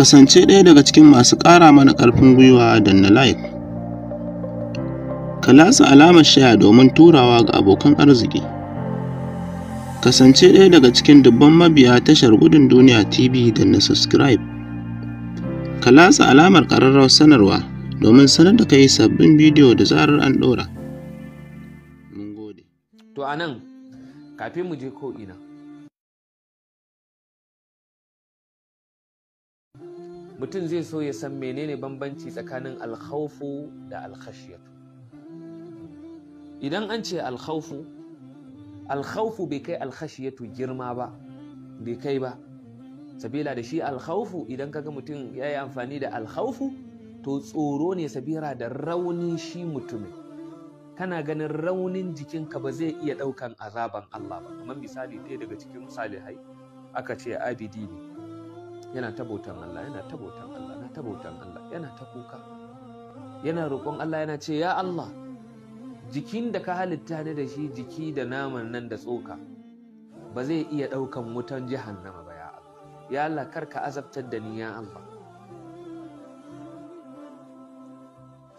kasance ɗaya daga cikin masu ƙara mana ƙarfin gwiwa da na like. Ka lasa alamar shaya domin turawa ga abokan arziki. Kasance ɗaya daga cikin dubban mabiya tashar gudun duniya TV da na subscribe. Ka lasa alamar ƙararrawa sanarwa domin sanar da kai sabbin bidiyo da zarar an ɗora. Mun gode. To anan kafin mu je ko'ina. mutum zai so ya san menene bambanci tsakanin alkhaufu da alkhashiyatu idan an ce alkhaufu alkhaufu bai kai alkhashiyatu girma ba bai kai ba sabila da shi alkhaufu idan kaga mutum ya yi amfani da alkhaufu to tsoro ne sabira da rauni shi mutumin kana ganin raunin jikinka ba zai iya ɗaukan azaban Allah ba kamar misali ɗaya daga cikin salihai aka ce abidi ne yana ta bautan Allah yana ta bautan Allah yana ta bautan Allah yana ta kuka yana roƙon Allah yana ce ya Allah jikin da ka halitta ni da shi jiki da naman nan da tsoka ba zai iya ɗaukan wutan jahannama ba ya Allah ya Allah kar ka azabtar da ni ya Allah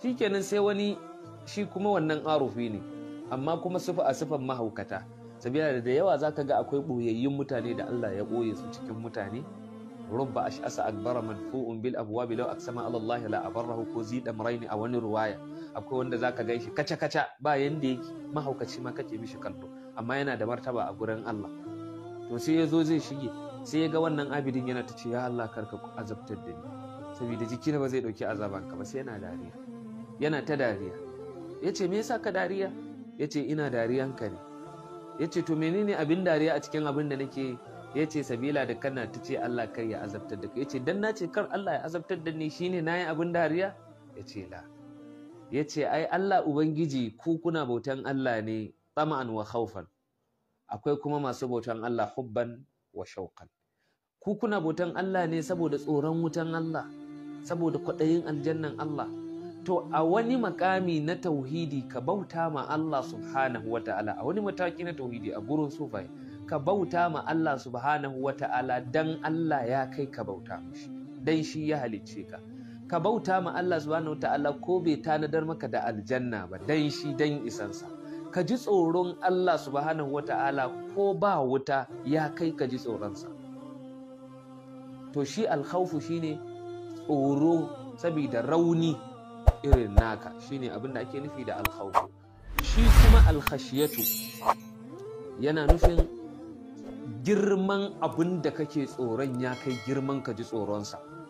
shikenan sai wani shi kuma wannan arufi ne amma kuma sufa a sufan mahaukata sabila da yawa zaka ga akwai ɓoyayyun mutane da Allah ya ɓoye su cikin mutane rubba ash'asa akbara madfu'un bil abwab law aqsama ala Allah la abarrahu ko zida maraini a wani ruwaya akwai wanda zaka gan shi kaca kaca ba yanda yake mahaukaci ma kake mishi kallo amma yana da martaba a gurin Allah to sai ya zo zai shige sai ya ga wannan abidin yana ta ce ya Allah karka azabtar da ni saboda jikina ba zai dauki azabanka ba sai yana dariya yana ta dariya yace me yasa ka dariya yace ina dariyanka ne yace to menene abin dariya a cikin abin da nake yi ya ce sabila da kana ta ce Allah kar ya azabtar da kai ya ce dan na ce kar Allah ya azabtar da ni shine na yi abin dariya ya ce la ya ce ai Allah Ubangiji ku kuna bautan Allah ne tsama'an wa khaufan akwai kuma masu bautan Allah hubban wa shauƙan ku kuna bautan Allah ne saboda tsoron wutan Allah saboda kwaɗayin aljannan Allah to a wani makami na tauhidi ka bauta ma Allah subhanahu wa ta'ala a wani mataki na tauhidi a gurin sufai ka bauta ma Allah subhanahu wa ta'ala dan Allah ya kai ka bauta dan shi ya halicce ka ka bauta ma Allah subhanahu wa ta'ala ko bai tanadar maka da aljanna ba dan shi dan isansa ka ji tsoron Allah subhanahu wa ta'ala ko ba wuta ya kai ka ji tsoronsa to shi alkhawfu ne. tsoro saboda rauni irin naka shine abin da ake nufi da alkhawfu shi kuma alkhashiyatu yana nufin girman abin da kake tsoron ya kai girman ka ji tsoronsa